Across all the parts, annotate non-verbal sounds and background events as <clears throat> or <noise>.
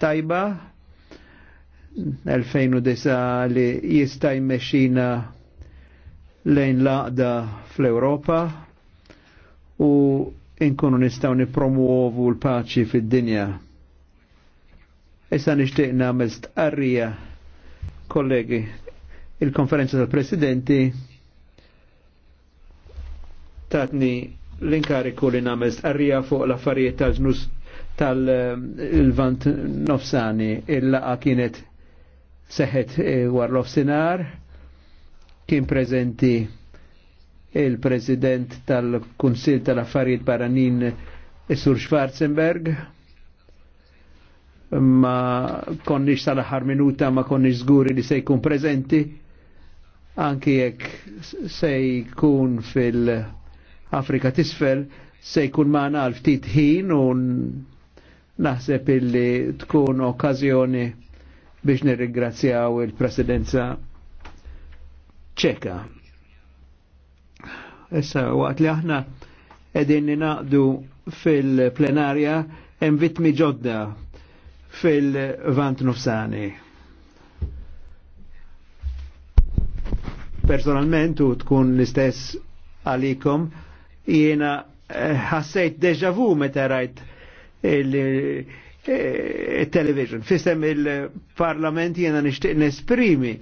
tajba 2009 li jista' jmexxina lejn laqda fl europa u inkunu nistgħu nipromuovu l-paċi fid-dinja. Issa nixtieq nagħmel stqarrija kollegi il-konferenza tal-presidenti tatni l-inkariku li namel arrija fuq l-affarijiet tal-ġnus tal-vant eh, nofsani il-laqa kienet seħet eh, war l-ofsinar kien prezenti il-president tal-Kunsil tal-Affarijiet Barranin eh, Sur Schwarzenberg ma konniex tal-aħħar minuta ma konniex żguri li se jkun prezenti anki jekk se jkun fil-Afrika tisfel se jkun maħna għal ftit ħin u un... Naħseb illi tkun okkazjoni biex nirringrazzjaw il-presidenza ċeka. Issa, waqt li aħna edin ninaqdu fil-plenarja hemm vitmi ġodda fil-vant nufsani. Personalment u tkun l-istess għalikom jiena eh, ħassejt deja vu meta rajt il-television. Eh, Fisem il-parlament jena nishtiq nesprimi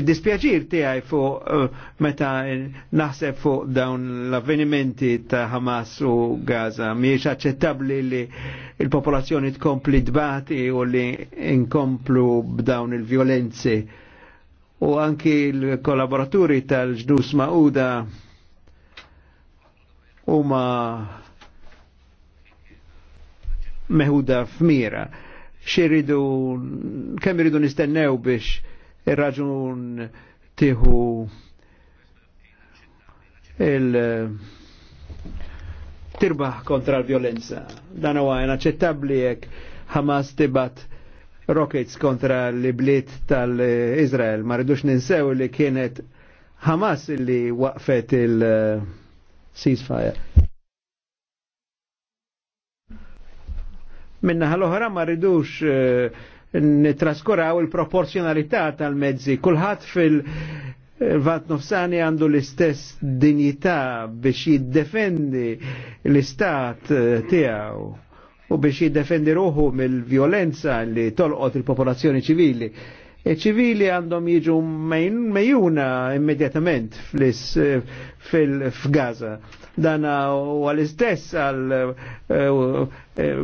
il-dispjaċir eh, eh, tiegħi fuq meta naħseb fuq dawn l-avvenimenti ta' Hamas u Gaza miex aċċettabli li l-popolazzjoni tkompli dbati u li nkomplu b'dawn il violenzi u anki il kollaboraturi tal ġdus Mauda huma meħuda f'mira. Xiridu, kemm iridu nistennew biex ir-raġun tieħu il- tirbaħ kontra l-violenza. Dan huwa inaċċettabbli jekk Hamas tibat rockets kontra l-bliet tal-Izrael. Ma rridux ninsew li kienet Hamas li waqfet il- ceasefire. Minna ħal-oħra ma ridux eh, nitraskuraw il-proporzjonalità tal-mezzi. Kulħadd fil- Vat Nofsani għandu l-istess dinjità biex jiddefendi l-istat eh, tiegħu u biex jiddefendi ruħu mill-violenza li tolqot il-popolazzjoni ċivili ċivili għandhom jiġu mejuna immedjatament f'Gaza. gaza Dana u għal-istess għal eh, eh,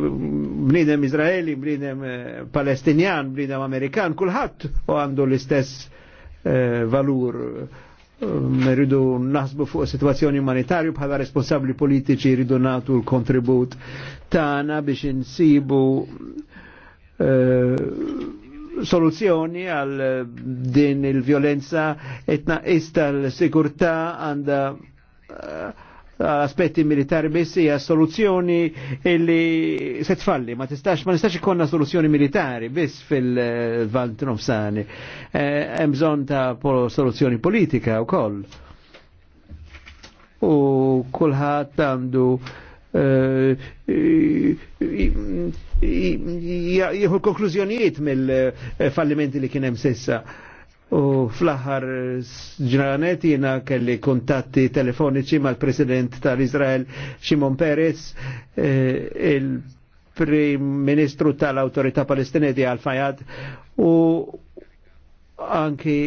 bnidem Izraeli, bnidem eh, Palestinjan, bnidem Amerikan, kullħat u għandu l-istess valur meridu um, nasbu fuq situazzjoni umanitarju bħala responsabli politiċi ridu natu l-kontribut tagħna biex insibu uh, soluzzjoni għal eh, din il-violenza etna ista l-sigurta għanda eh, aspetti militari biss hija soluzzjoni illi se tfalli, ma tistax ma nistax ikonna soluzzjoni militari biss fil-Valt Nofsani. Eh, hemm bżonn ta' soluzzjoni politika wkoll. U kulħadd għandu jieħu konklużjonijiet mill-fallimenti li kienem hemm sissa. U fl-aħħar ġranet jiena kelli kontatti telefoniċi mal-President tal-Izrael Shimon Peres, eh, il-Prim Ministru tal-Autorità Palestinedi għal-Fajad u anki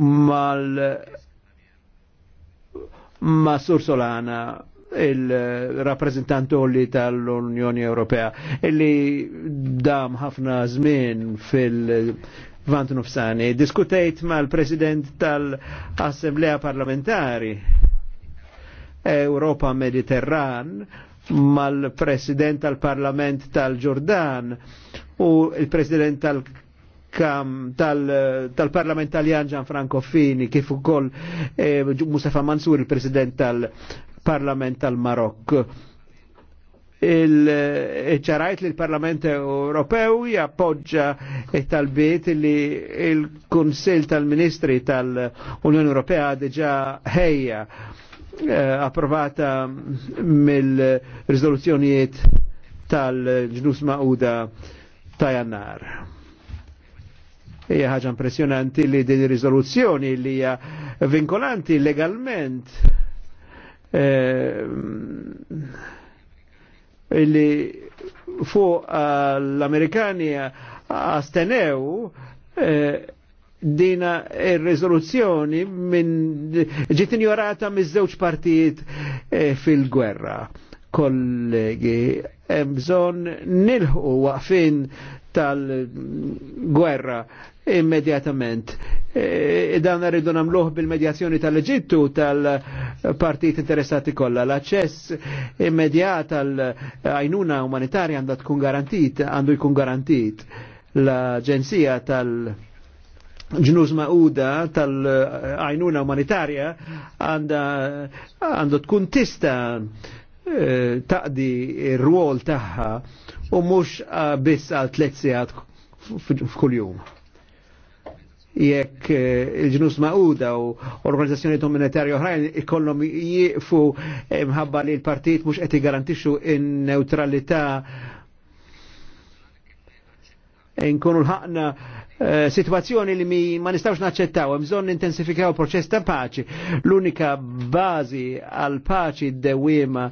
mal ma Sur Solana il-rappresentantu li tal-Unjoni Ewropea illi dam ħafna żmien fil- Vant Nufsani, diskutejt mal-President tal-Assemblea Parlamentari Europa Mediterran mal-President tal-Parlament tal-Ġordan u il-President tal kam tal-parlament tal, Jan Gianfranco Fini kif ukoll eh, Mustafa Mansur il-president tal parlament tal-Marokk. Il-ċarajt li l-Parlament Ewropew jappoġġa tal-bit li il-Kunsil tal-Ministri tal-Unjoni Ewropea diġa ħejja eh, approvata mill-rizoluzzjonijiet tal-ġnus ma'uda ta' jannar. Hija ħaġa impressjonanti li din ir-riżoluzzjoni li hija vinkolanti legalment Eh, mm, illi fuq eh, l-Amerikani astenew eh, dina ir-riżoluzzjoni minn ġiet ignorata żewġ partijiet fil-gwerra kollegi, bżon nilħu waqfin tal-gwerra immedjatament. E, e, dan rridu namluħ bil-medjazzjoni tal-Eġittu tal-partit interessati kollha. L-aċċess immedjat tal-għajnuna umanitarja għandha tkun garantit, għandu jkun garantit l-Aġenzija tal- ġnuż ma'uda tal-għajnuna umanitarja għandu tkun tista e, taqdi ir-rwol tagħha u mhux ah, biss għal tliet sigħat f'kuljum. Jekk eh, il-ġnus ma'uda u organizzazzjoni humanitarja oħrajn ikollhom jieqfu eh, mħabba li l-partit mhux qed jiggarantixxu in-neutralità eh, nkunu l-ħakna situazzjoni li mi ma nistawx naċċettaw, bżonn intensifikaw proċess ta' paċi. L-unika bażi għal paċi d-dewima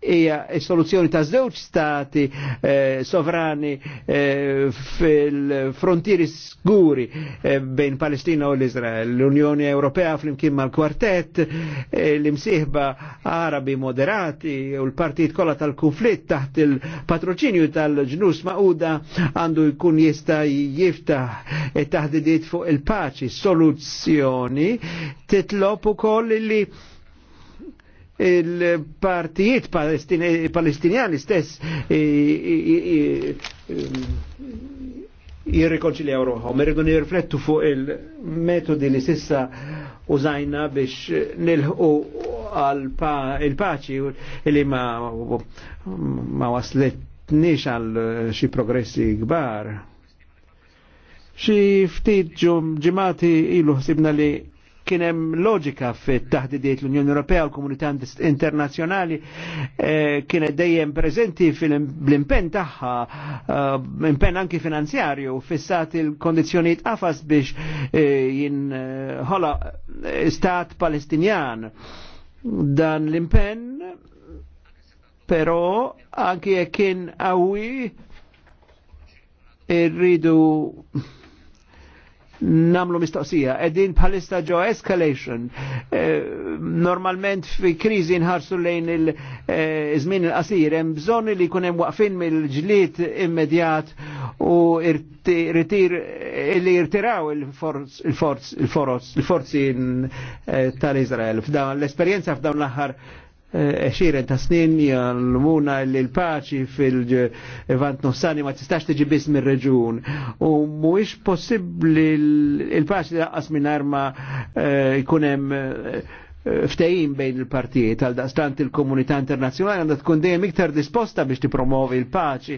hija soluzzjoni ta' żewġ stati eh, sovrani eh, fil-frontieri skuri eh, bejn Palestina u l-Izrael. L-Unjoni Ewropea flimkien mal eh, l-imsieħba Arabi moderati u l partit kollha tal-konflitt taħt il-patroċinju tal-ġnus maquda għandu jkun jista' jiftaħ eh, taħdidiet fuq il-paċi. Soluzzjoni titlob ukoll li il-partijiet palestinjani stess jirrikonċiljaw ruħom, irridu nirriflettu fuq il-metodi li sissa użajna biex nilħu għal il-paċi li ma, ma waslitniex għal xi progressi gbar. Xi ftit ġimati ilu ħsibna li kien hemm loġika fit-taħdidiet l-Unjoni Ewropea u l-Komunità Internazzjonali kien eh, kienet dejjem preżenti fil-impenn tagħha eh, impenn anki finanzjarju fissat il-kondizzjonijiet qafas biex eh, jinħola eh, stat Palestinjan. Dan l-impenn però anki jekk kien qawwi irridu namlu mistoqsija. Edin bħalista ġo escalation. Eh, normalment fi krizi nħarsu lejn il-żmien eh, il-qasir, hemm bżonn li jkun hemm waqfin mill-ġlied immedjat u ritir li irtiraw il-forzi eh, tal-Izrael. L-esperjenza f'dawn l-aħħar xiren ta' snin jgħalmuna li l-paċi fil-vant nofsani ma tistax tiġi bis mir reġun u mhuwiex possibbli l-paċi laqqas minn arma jkunem eh, eh ftejim bejn il-partijiet għal daqstant il-komunità internazjonali għandha tkun dejjem iktar disposta biex tippromovi l-paċi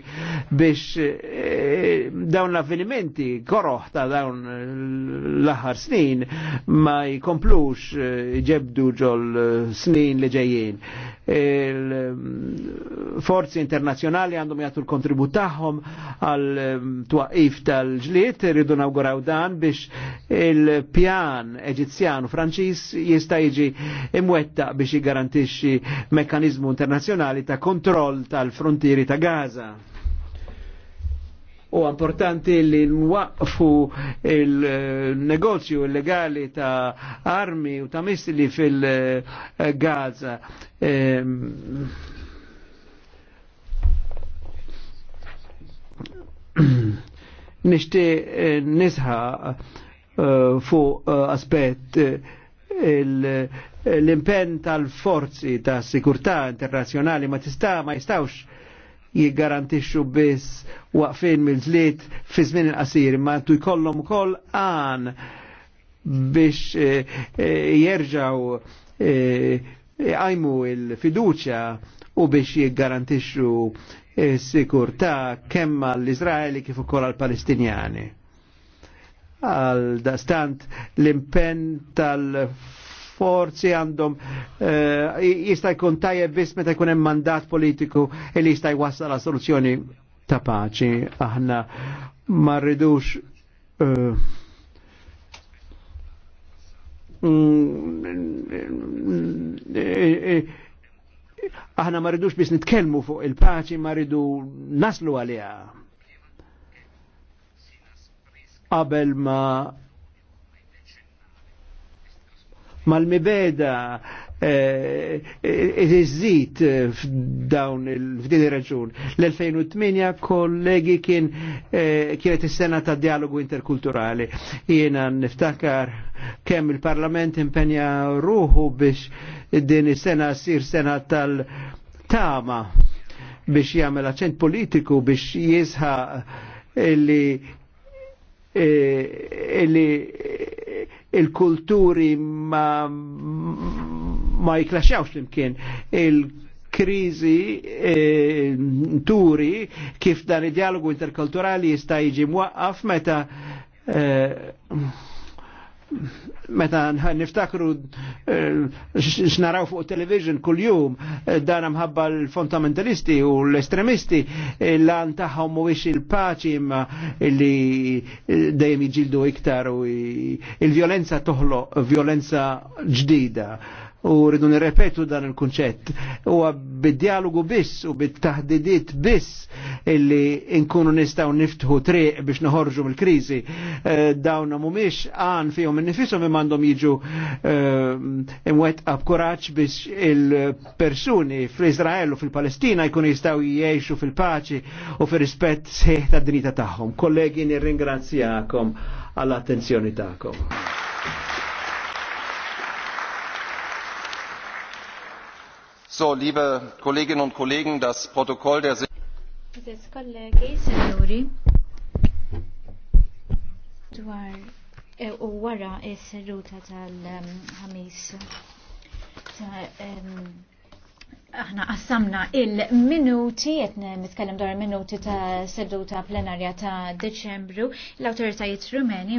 biex eh, dawn l-avvenimenti koroħ ta' dawn l-aħħar snin ma jkomplux eh, ġebdu ġol eh, snin li ġejjin il-forzi internazjonali għandhom jgħatu l-kontribut tagħhom għal um, twaqif tal-ġlied iridu nawguraw dan biex il-pjan Eġizzjan u Franċiż jista' jiġi imwettaq biex jiggarantixxi mekkaniżmu internazzjonali ta' kontroll tal-frontieri ta' Gaza u importanti li nwaqfu il-negozju illegali ta' armi u ta' missili fil-Gaza. Ehm, <clears throat> nishti eh, nisħa eh, fu eh, aspet l-impen tal-forzi ta' sikurtà internazjonali ma tista' ma jistawx jiggarantixxu biss waqfin mill tliet fi żmien il-qasir, ma tu jkollhom ukoll għan biex eh, eh, jerġaw eh, għajmu il-fiduċa u biex jiggarantixxu sikurtà kemm għall-Izraeli kif ukoll għall-Palestinjani. Għal dastant l-impenn tal- forzi għandhom uh, jista' jkun tajjeb biss meta jkun hemm mandat politiku li jista' jwassal la soluzzjoni ta' paċi. Aħna ma rridux eh, mm, aħna ma rridux biss nitkellmu fuq il-paċi, ma rridu naslu għaliha. Qabel ma mal-mibeda eh, eh, eh, iżżid f'dawn f'din fdini raġun L-2008 kollegi kien kienet is-sena ta' dialogu interkulturali. Jiena niftakar kemm il-Parlament impenja ruħu biex din is-sena sir sena tal-tama biex jagħmel aċċent politiku biex jisħa illi illi il-kulturi ma, ma jiklaxxawx limkien Il-krizi eh, turi kif dan id-dialogu interkulturali jista' jiġi mwaqqaf meta e, meta niftakru eh, x'naraw fuq television kuljum eh, dan mħabba l-fundamentalisti u l-estremisti eh, l-għan tagħhom mhuwiex il-paċi imma li dejjem jiġildu iktar u il-vjolenza toħlo violenza ġdida u rridu nirrepetu dan il-kunċett. U bid-dialogu biss u bit-tahdidiet biss illi nkunu nistaw niftħu triq biex noħorġu mill-krizi. dawn eh, Dawna mumiex għan fihom innifisom għandhom jiġu e, eh, imwetqa biex il-persuni fl iżrael u fil-Palestina jkunu jistaw jiexu fil-paċi u fil-rispett sħiħ ta' dinita tagħhom. Kollegi nirringrazzjakom għall-attenzjoni tagħkom. So, liebe Kolleginnen und Kollegen, das Protokoll der dwar e, wara is-seduta tal-ħamis aħna qassamna il-minuti, qed nitkellem dwar il-minuti ta' seduta plenarja ta' Deċembru, l-awtoritajiet Rumeni